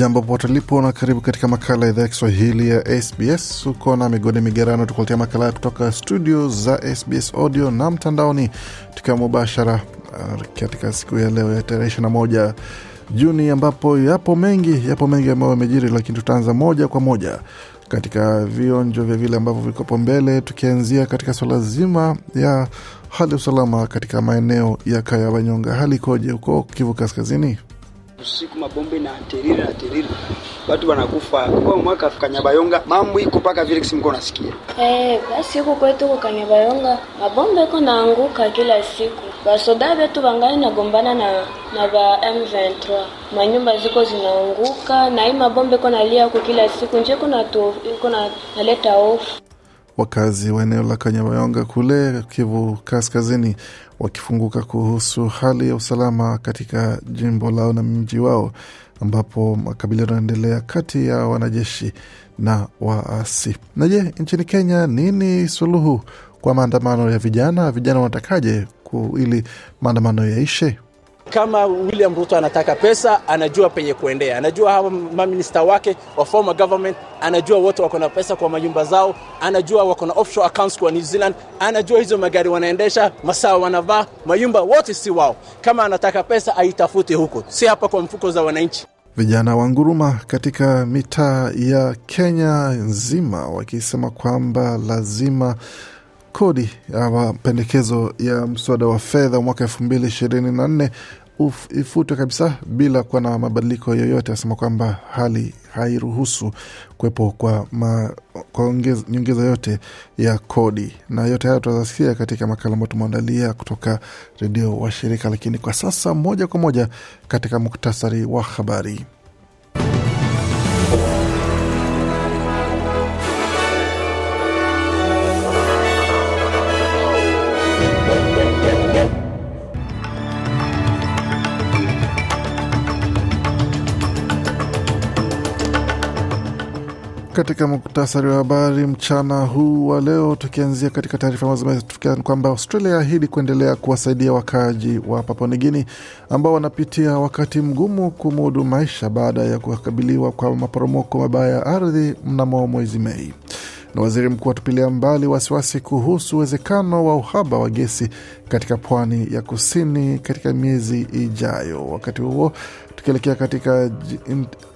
Jambo popote lipo na karibu katika makala ya idhaa ya Kiswahili ya SBS. Uko na migodi migerano, tukuletea makala kutoka studio za SBS audio na mtandaoni, tukiwa mubashara uh, katika siku ya leo ya tarehe na moja Juni, ambapo yapo mengi, yapo mengi ambayo yamejiri, lakini tutaanza moja kwa moja katika vionjo vya vile ambavyo vikopo mbele, tukianzia katika swala zima ya hali ya usalama katika maeneo ya Kaya Wanyonga. Hali ikoje huko Kivu Kaskazini? usiku mabombe na teriri na teriri, watu wanakufa kwa mwaka. Kanyabayonga mambo iko mpaka vile kisimu unasikia eh, basi huko kwetu kwa Kanyabayonga mabombe iko naanguka kila siku, basoda wetu bangali nagombana na na ba M23, manyumba ziko zinaanguka na hii mabombe iko nalia huko kila siku, nje iko na naleta hofu wakazi wa eneo la Kanyabayonga kule Kivu Kaskazini wakifunguka kuhusu hali ya usalama katika jimbo lao na mji wao, ambapo makabiliano yanaendelea kati ya wanajeshi na waasi. Na je, nchini Kenya nini suluhu kwa maandamano ya vijana? Vijana wanatakaje ili maandamano yaishe? Kama William Ruto anataka pesa, anajua penye kuendea, anajua hawa maminista wake wa former government, anajua wote wako na pesa kwa majumba zao, anajua wako na offshore accounts kwa New Zealand, anajua hizo magari wanaendesha, masaa wanavaa, mayumba wote si wao. Kama anataka pesa aitafute huko, si hapa kwa mfuko za wananchi. Vijana wa nguruma katika mitaa ya Kenya nzima wakisema kwamba lazima kodi ya mapendekezo ya mswada wa fedha mwaka elfu mbili ishirini na nne ifutwe kabisa bila kuwa na mabadiliko yoyote. Anasema kwamba hali hairuhusu kuwepo kwa, ma, kwa nyongeza yote ya kodi, na yote hayo tutazasikia katika makala ambayo tumeandalia kutoka redio wa shirika, lakini kwa sasa moja kwa moja katika muktasari wa habari. katika muktasari wa habari mchana huu wa leo, tukianzia katika taarifa ambazo zimetufikia kwamba Australia yaahidi kuendelea kuwasaidia wakaaji wa Papua Nigini ambao wanapitia wakati mgumu kumudu maisha baada ya kukabiliwa kwa maporomoko mabaya ya ardhi mnamo mwezi Mei. Na waziri mkuu atupilia mbali wasiwasi kuhusu uwezekano wa uhaba wa gesi katika pwani ya kusini katika miezi ijayo. Wakati huo tukielekea katika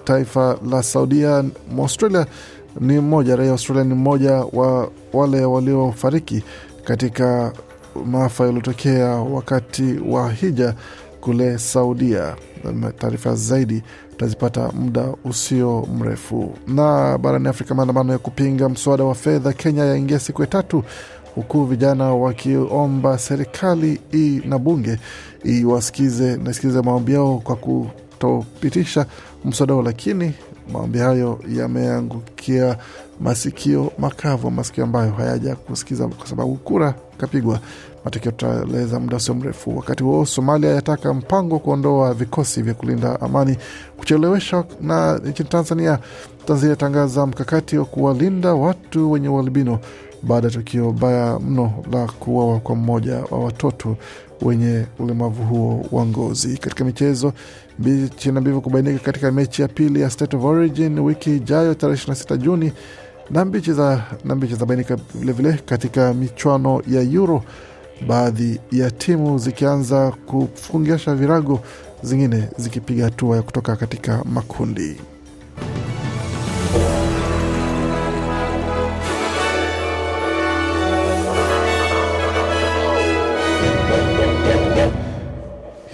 taifa la Saudia, Australia ni mmoja raia Australia ni mmoja wa wale waliofariki katika maafa yaliyotokea wakati wa hija kule Saudia. Taarifa zaidi utazipata muda usio mrefu. Na barani Afrika, maandamano ya kupinga mswada wa fedha Kenya yaingia siku ya tatu, huku vijana wakiomba serikali hii na bunge iwasikize nasikize maombi yao kwa kutopitisha mswada huo, lakini Maombi hayo yameangukia masikio makavu, masikio ambayo hayaja kusikiza kwa sababu kura kapigwa. Matokeo tutaeleza muda usio mrefu. Wakati huo, Somalia yataka mpango wa kuondoa vikosi vya kulinda amani kucheleweshwa. Na nchini Tanzania, Tanzania yatangaza mkakati wa kuwalinda watu wenye ualbino baada ya tukio baya mno la kuuawa kwa mmoja wa watoto wenye ulemavu huo wa ngozi. Katika michezo, bichi na mbivu kubainika katika mechi ya pili ya State of Origin wiki ijayo tarehe 26 Juni, na mbichi za na mbichi za bainika vilevile katika michwano ya Euro, baadhi ya timu zikianza kufungiasha virago, zingine zikipiga hatua ya kutoka katika makundi.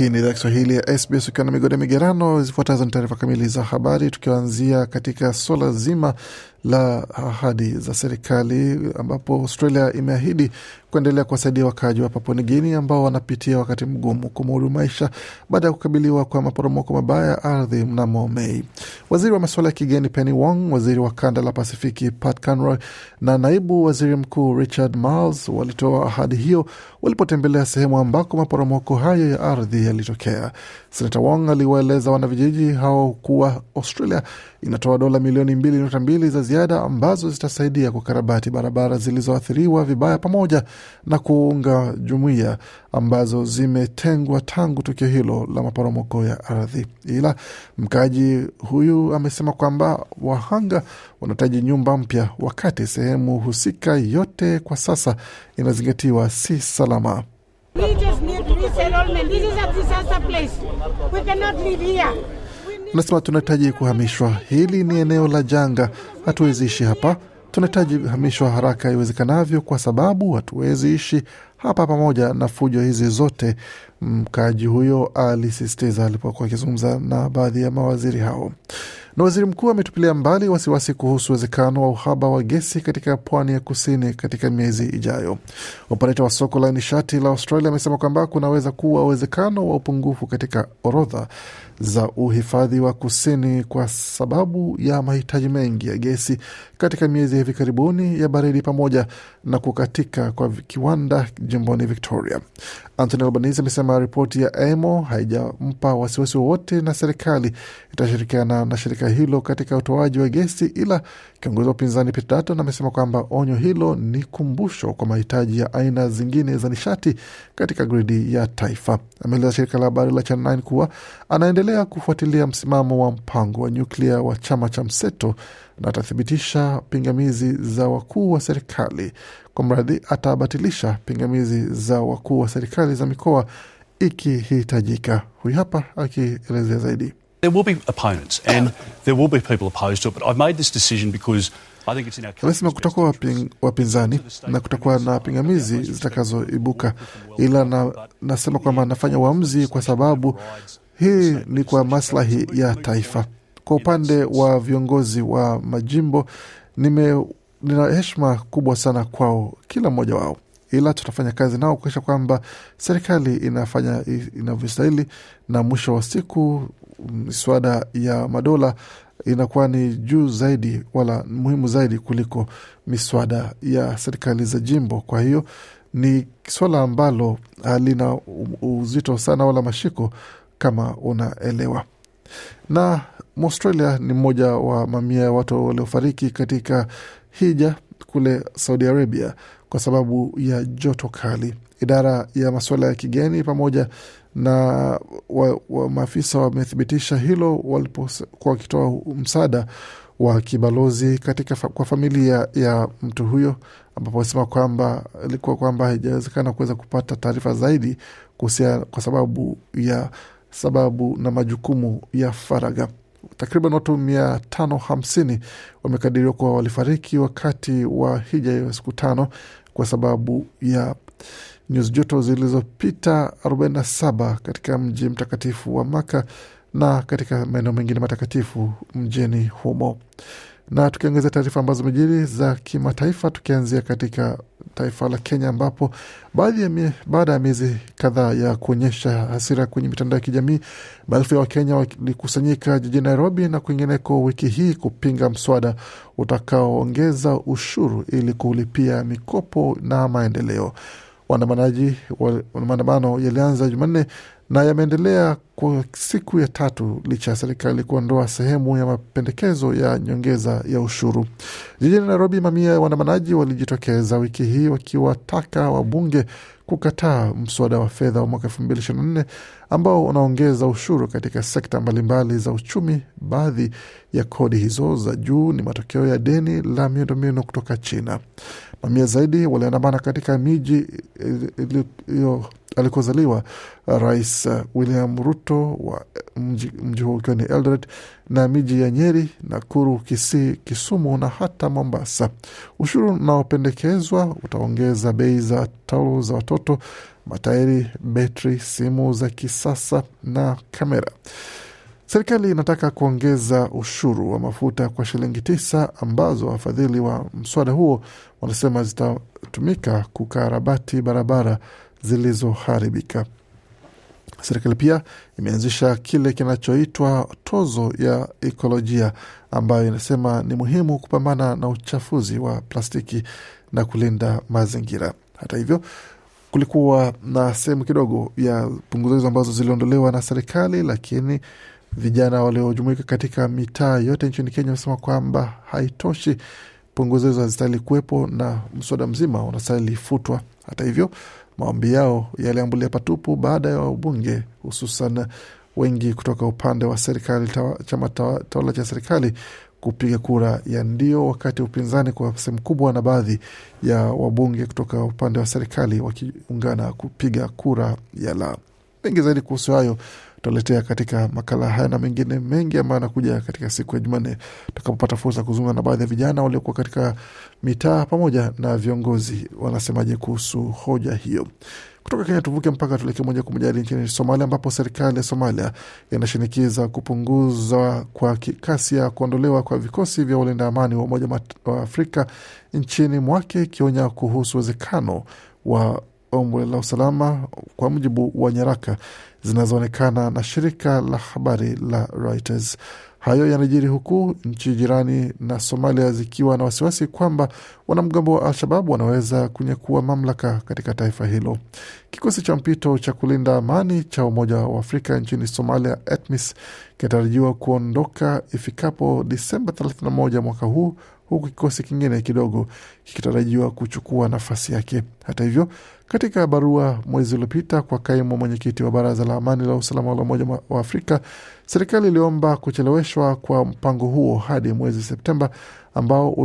Hii ni idhaa Kiswahili ya SBS ukiwa na migode migerano. Zifuatazo ni taarifa kamili za habari, tukianzia katika swala zima la ahadi za serikali ambapo Australia imeahidi kuendelea kuwasaidia wakaaji wa Papua Nigini ambao wanapitia wakati mgumu kumudu maisha baada ya kukabiliwa kwa maporomoko mabaya ya ardhi mnamo Mei. Waziri wa masuala ya kigeni Penny Wong, waziri wa kanda la Pasifiki Pat Conroy na naibu waziri mkuu Richard Marles walitoa ahadi hiyo walipotembelea sehemu ambako maporomoko hayo ya ardhi yalitokea. Senata Wong aliwaeleza wanavijiji hao kuwa Australia inatoa dola milioni mbili nukta mbili za ziada ambazo zitasaidia kukarabati barabara zilizoathiriwa vibaya pamoja na kuunga jumuiya ambazo zimetengwa tangu tukio hilo la maporomoko ya ardhi. Ila mkaaji huyu amesema kwamba wahanga wanahitaji nyumba mpya, wakati sehemu husika yote kwa sasa inazingatiwa si salama. We just need Anasema tunahitaji kuhamishwa, hili ni eneo la janga, hatuwezi ishi hapa. Tunahitaji hamishwa haraka iwezekanavyo, kwa sababu hatuwezi ishi hapa pamoja na fujo hizi zote, mkaaji huyo alisisitiza alipokuwa akizungumza na baadhi ya mawaziri hao. Na waziri mkuu ametupilia mbali wasiwasi kuhusu uwezekano wa uhaba wa gesi katika pwani ya kusini katika miezi ijayo. Opereta wa soko la nishati la Australia amesema kwamba kunaweza kuwa uwezekano wa upungufu katika orodha za uhifadhi wa kusini kwa sababu ya mahitaji mengi ya gesi katika miezi hivi karibuni ya baridi pamoja na kukatika kwa kiwanda jimboni Victoria. Anthony Albanese amesema ripoti ya EMO haijampa wasiwasi wowote na serikali itashirikiana na shirika hilo katika utoaji wa gesi, ila kiongozi wa upinzani Peter Dutton amesema kwamba onyo hilo ni kumbusho kwa mahitaji ya aina zingine za nishati katika gridi ya taifa. Ameeleza shirika la habari la Channel 9 kuwa anaendelea ataendelea kufuatilia msimamo wa mpango wa nyuklia wa chama cha mseto na atathibitisha pingamizi za wakuu wa serikali kwa mradhi, atabatilisha pingamizi za wakuu wa serikali za mikoa ikihitajika. Huyu hapa akielezea zaidi. Amesema kutakuwa wapinzani na kutakuwa na pingamizi zitakazoibuka, ila na, nasema kwamba nafanya uamzi kwa sababu hii ni kwa maslahi ya taifa. Kwa upande wa viongozi wa majimbo, nime, nina heshima kubwa sana kwao, kila mmoja wao, ila tutafanya kazi nao kuakisha kwamba serikali inafanya inavyostahili, na mwisho wa siku miswada ya madola inakuwa ni juu zaidi wala muhimu zaidi kuliko miswada ya serikali za jimbo. Kwa hiyo ni swala ambalo halina uzito sana wala mashiko kama unaelewa. Na Australia ni mmoja wa mamia ya watu waliofariki katika hija kule Saudi Arabia kwa sababu ya joto kali. Idara ya masuala ya kigeni pamoja na wa, wa maafisa wamethibitisha hilo walipokuwa wakitoa msaada wa kibalozi katika fa, kwa familia ya mtu huyo, ambapo wasema kwamba ilikuwa kwamba haijawezekana kuweza kupata taarifa zaidi kuhusiana kwa sababu ya sababu na majukumu ya faraga Takriban watu mia tano hamsini wamekadiriwa kuwa walifariki wakati wa hija ya siku tano kwa sababu ya nyuzi joto zilizopita 47 katika mji mtakatifu wa Maka na katika maeneo mengine matakatifu mjini humo. Na tukiangazia taarifa ambazo zimejiri za kimataifa, tukianzia katika taifa la Kenya ambapo baadhi baada ya miezi kadhaa ya kuonyesha hasira kwenye mitandao ya kijamii, maelfu ya Wakenya walikusanyika jijini Nairobi na kwingineko wiki hii kupinga mswada utakaoongeza ushuru ili kulipia mikopo na maendeleo. Waandamanaji, maandamano yalianza Jumanne na yameendelea kwa siku ya tatu licha ya serikali kuondoa sehemu ya mapendekezo ya nyongeza ya ushuru. Jijini Nairobi, mamia ya waandamanaji walijitokeza wiki hii wakiwataka wabunge kukataa mswada wa fedha wa mwaka nne ambao unaongeza ushuru katika sekta mbalimbali za uchumi. Baadhi ya kodi hizo za juu ni matokeo ya deni la miundombinu kutoka China. Mamia zaidi waliandamana katika miji iliyo eh, eh, eh, alikozaliwa Rais uh, William Ruto wa uh, mji, mji huo ukiwa ni Eldoret na miji ya Nyeri, Nakuru, Kisii, Kisumu na hata Mombasa. Ushuru unaopendekezwa utaongeza bei za taulo za watoto, matairi, betri, simu za kisasa na kamera. Serikali inataka kuongeza ushuru wa mafuta kwa shilingi tisa ambazo wafadhili wa mswada huo wanasema zitatumika kukarabati barabara zilizoharibika. Serikali pia imeanzisha kile kinachoitwa tozo ya ekolojia ambayo inasema ni muhimu kupambana na uchafuzi wa plastiki na kulinda mazingira. Hata hivyo, kulikuwa na sehemu kidogo ya punguzo hizo ambazo ziliondolewa na serikali, lakini vijana waliojumuika katika mitaa yote nchini Kenya wamesema kwamba haitoshi, punguzo hizo hazistahili kuwepo na mswada mzima unastahili futwa. Hata hivyo Maombi yao yaliambulia patupu baada ya wabunge hususan wengi kutoka upande wa serikali chama tawala cha serikali kupiga kura ya ndio, wakati upinzani kwa sehemu kubwa na baadhi ya wabunge kutoka upande wa serikali wakiungana kupiga kura ya la. Mengi zaidi kuhusu hayo tutaletea katika makala haya na mengine mengi ambayo anakuja katika siku ya Jumanne tutakapopata fursa kuzungumza na baadhi ya vijana waliokuwa katika mitaa pamoja na viongozi wanasemaje kuhusu hoja hiyo. Kutoka Kenya tuvuke mpaka tuelekee moja kwa moja hadi nchini Somalia, ambapo serikali ya Somalia inashinikiza kupunguzwa kwa kasi ya kuondolewa kwa vikosi vya walinda amani wa Umoja wa Afrika nchini mwake, ikionya kuhusu uwezekano wa ombwe la usalama, kwa mujibu wa nyaraka zinazoonekana na shirika la habari la Reuters. Hayo yanajiri huku nchi jirani na Somalia zikiwa na wasiwasi kwamba wanamgambo wa Al-Shabab wanaweza kunyakua mamlaka katika taifa hilo. Kikosi cha mpito cha kulinda amani cha Umoja wa Afrika nchini Somalia, ATMIS, kinatarajiwa kuondoka ifikapo Disemba 31 mwaka huu huku kikosi kingine kidogo kikitarajiwa kuchukua nafasi yake. Hata hivyo, katika barua mwezi uliopita kwa kaimu mwenyekiti wa Baraza la Amani la Usalama la Umoja wa Afrika, serikali iliomba kucheleweshwa kwa mpango huo hadi mwezi Septemba ambao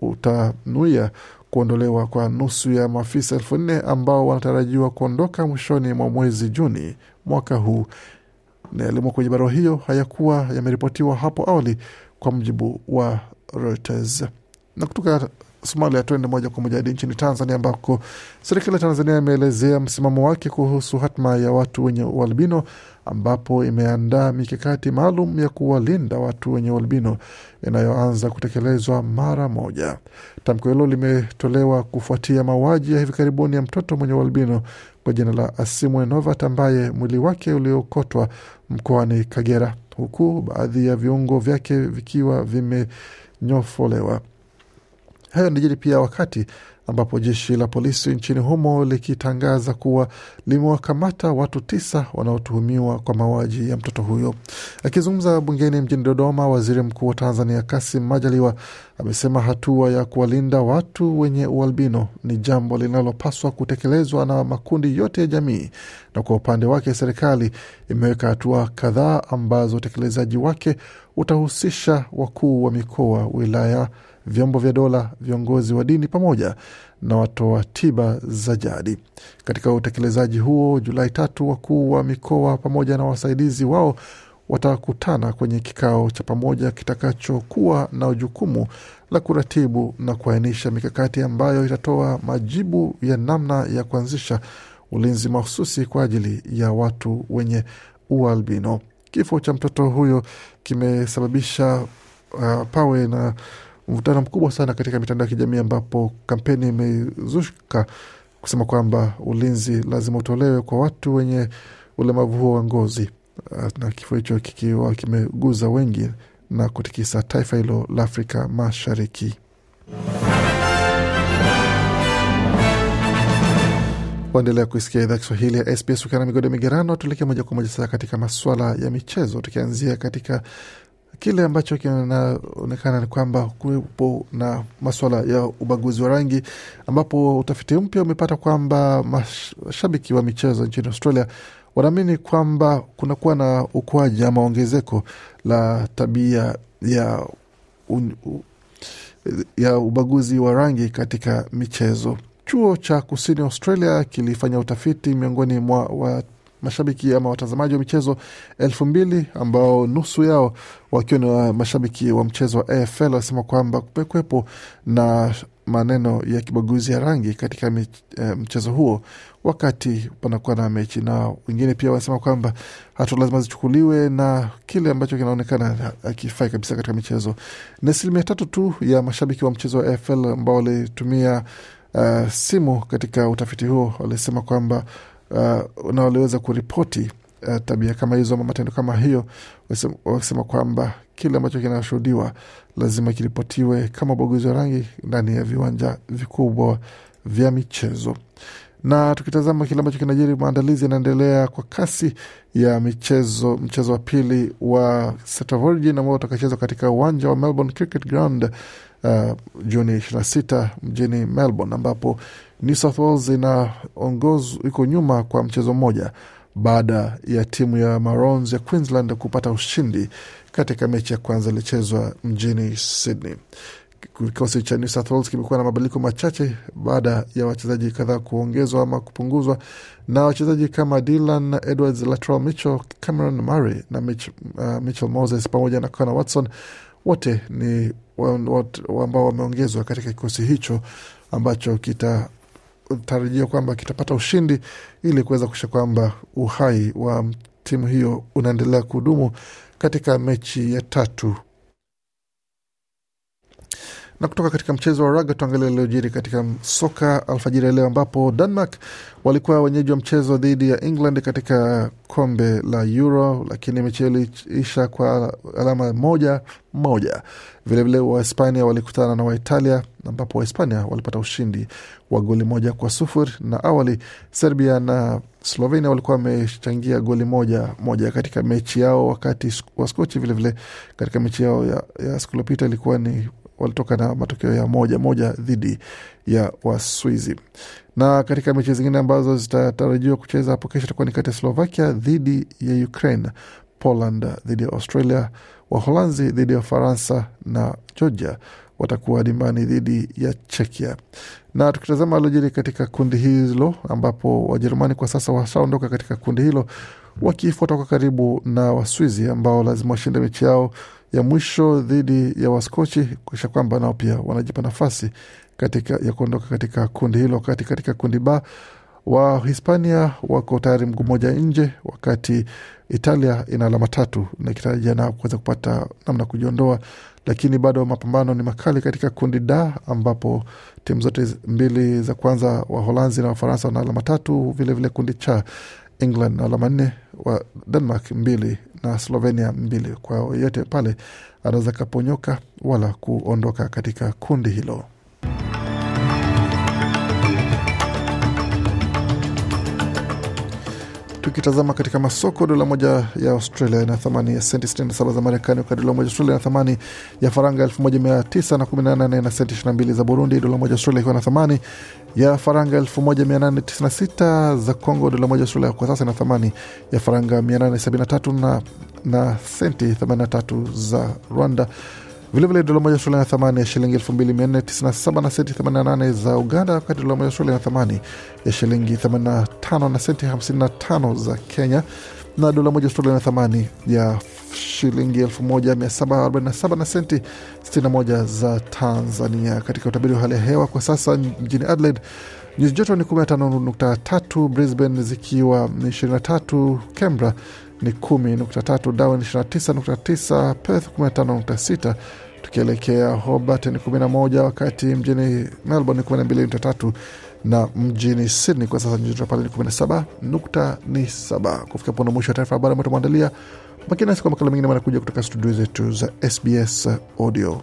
utanuia kuondolewa kwa nusu ya maafisa elfu nne ambao wanatarajiwa kuondoka mwishoni mwa mwezi Juni mwaka huu. Yalimo kwenye barua hiyo hayakuwa yameripotiwa hapo awali, kwa mujibu wa Reuters. Na kutoka Somalia tuende moja kwa moja hadi nchini Tanzania, ambako serikali ya Tanzania imeelezea msimamo wake kuhusu hatma ya watu wenye ualbino, ambapo imeandaa mikakati maalum ya kuwalinda watu wenye ualbino inayoanza kutekelezwa mara moja. Tamko hilo limetolewa kufuatia mauaji ya hivi karibuni ya mtoto mwenye ualbino kwa jina la Asimwe Novat ambaye mwili wake uliokotwa mkoani Kagera, huku baadhi ya viungo vyake vikiwa vime kunyofolewa. Hayo yanajiri pia wakati ambapo jeshi la polisi nchini humo likitangaza kuwa limewakamata watu tisa wanaotuhumiwa kwa mauaji ya mtoto huyo. Akizungumza bungeni mjini Dodoma, waziri mkuu wa Tanzania Kassim Majaliwa amesema hatua ya kuwalinda watu wenye ualbino ni jambo linalopaswa kutekelezwa na makundi yote ya jamii, na kwa upande wake serikali imeweka hatua kadhaa ambazo utekelezaji wake utahusisha wakuu wa mikoa, wilaya, vyombo vya dola, viongozi wa dini pamoja na watoa tiba za jadi. Katika utekelezaji huo, Julai tatu, wakuu wa mikoa pamoja na wasaidizi wao watakutana kwenye kikao cha pamoja kitakachokuwa na jukumu la kuratibu na kuainisha mikakati ambayo itatoa majibu ya namna ya kuanzisha ulinzi mahususi kwa ajili ya watu wenye ualbino. Kifo cha mtoto huyo kimesababisha uh, pawe na mvutano mkubwa sana katika mitandao ya kijamii ambapo kampeni imezuka kusema kwamba ulinzi lazima utolewe kwa watu wenye ulemavu huo wa ngozi, uh, na kifo hicho kikiwa kimeguza wengi na kutikisa taifa hilo la Afrika Mashariki. Waendelea kuisikia idhaa Kiswahili ya SBS ukiwa na migodo migerano. tulekee moja kwa moja sasa katika maswala ya michezo, tukianzia katika kile ambacho kinaonekana ni kwamba kuwepo na maswala ya ubaguzi wa rangi, ambapo utafiti mpya umepata kwamba mashabiki wa michezo nchini Australia wanaamini kwamba kunakuwa na ukuaji ama ongezeko la tabia ya, un, ya ubaguzi wa rangi katika michezo. Chuo cha kusini Australia kilifanya utafiti miongoni mwa wa mashabiki ama watazamaji wa michezo elfu mbili ambao nusu yao wakiwa ni mashabiki wa mchezo wa AFL, wanasema kwamba kumekwepo na maneno ya kibaguzi ya rangi katika e, mchezo huo wakati panakuwa na mechi, na wengine pia wanasema kwamba hatua lazima zichukuliwe na kile ambacho kinaonekana akifai kabisa katika michezo. Ni asilimia tatu tu ya mashabiki wa mchezo wa AFL ambao walitumia uh, simu katika utafiti huo walisema kwamba uh, na waliweza kuripoti uh, tabia kama hizo ama matendo kama hiyo, wakisema kwamba kile ambacho kinashuhudiwa lazima kiripotiwe kama ubaguzi wa rangi ndani ya viwanja vikubwa vya michezo. Na tukitazama kile ambacho kinajiri, maandalizi yanaendelea kwa kasi ya michezo, mchezo wa pili wa set of origin ambao utakachezwa katika uwanja wa Melbourne Cricket Ground uh, Juni 26 mjini Melbourne, ambapo New South Wales iko nyuma kwa mchezo mmoja baada ya timu ya Maroons ya Queensland kupata ushindi katika mechi ya kwanza ilichezwa mjini Sydney. Kikosi cha New South Wales kimekuwa na mabadiliko machache baada ya wachezaji kadhaa kuongezwa ama kupunguzwa, na wachezaji kama Dylan Edwards, Latrell Mitchell, Cameron Murray na Mitch, uh, Mitchell Moses pamoja na Connor Watson wote ni ambao wameongezwa katika kikosi hicho ambacho kitatarajia kwamba kitapata ushindi ili kuweza kuisha kwamba uhai wa timu hiyo unaendelea kuhudumu katika mechi ya tatu na kutoka katika mchezo wa raga tuangalia yaliyojiri katika soka alfajiri ya leo, ambapo Denmark walikuwa wenyeji wa mchezo dhidi ya England katika kombe la Euro, lakini mechi hiyo iliisha kwa alama moja moja. Vilevile Wahispania walikutana na Waitalia ambapo Wahispania walipata ushindi wa goli moja kwa sufuri, na awali Serbia na Slovenia walikuwa wamechangia goli moja moja katika mechi yao, wakati skochi vilevile katika mechi yao ya, ya siku ilikuwa ni walitoka na matokeo ya moja moja dhidi ya Waswizi. Na katika mechi zingine ambazo zitatarajiwa kucheza hapo kesho itakuwa ni kati ya Slovakia dhidi ya Ukraine, Poland dhidi ya Australia, Waholanzi dhidi ya Ufaransa na Georgia watakuwa dimbani dhidi ya Chekia. Na tukitazama alojiri katika kundi hilo, ambapo Wajerumani kwa sasa washaondoka katika kundi hilo wakifuata kwa karibu na Waswizi ambao lazima washinde mechi yao ya mwisho dhidi ya Waskochi kuisha kwamba nao pia wanajipa nafasi katika ya kuondoka katika kundi hilo. Wakati katika kundi ba wa Hispania wako tayari mguu mmoja nje, wakati Italia ina alama tatu na ikitarajia nao kuweza kupata namna kujiondoa, lakini bado mapambano ni makali katika kundi da, ambapo timu zote mbili za kwanza Waholanzi na Wafaransa wana alama tatu, vilevile kundi cha England na alama nne wa Denmark mbili na Slovenia mbili. Kwa yote pale anaweza kaponyoka wala kuondoka katika kundi hilo. Tukitazama katika masoko, dola moja ya Australia ina thamani ya senti 67 za Marekani, wakati dola moja Australia ina thamani ya faranga 1918 na senti 22 za Burundi, dola moja Australia ikiwa na thamani ya faranga 1896 za congo Dola moja Australia kwa sasa ina thamani ya faranga 873 na, na senti 83 za Rwanda. Vilevile dola moja Australia na thamani ya shilingi 2497 na senti 88 za Uganda, wakati dola moja Australia na thamani ya shilingi 85 na senti 55 za Kenya, na dola moja Australia na thamani ya shilingi 1747 na senti 61 za Tanzania. Katika utabiri wa hali ya hewa kwa sasa mjini Adelaide nyuzi joto ni 15.3, Brisbane zikiwa 23, Canberra ni 10.3, Darwin 29.9, Perth 15.6, tukielekea Hobart ni 11, wakati mjini Melbourne ni 12.3 na mjini Sydney kwa sasa nyota pale ni 17.7. Kufika pona mwisho wa taarifa habari ambayo tumeandalia. Bakia nasi kwa makala mengine manakuja kutoka studio zetu za SBS Audio.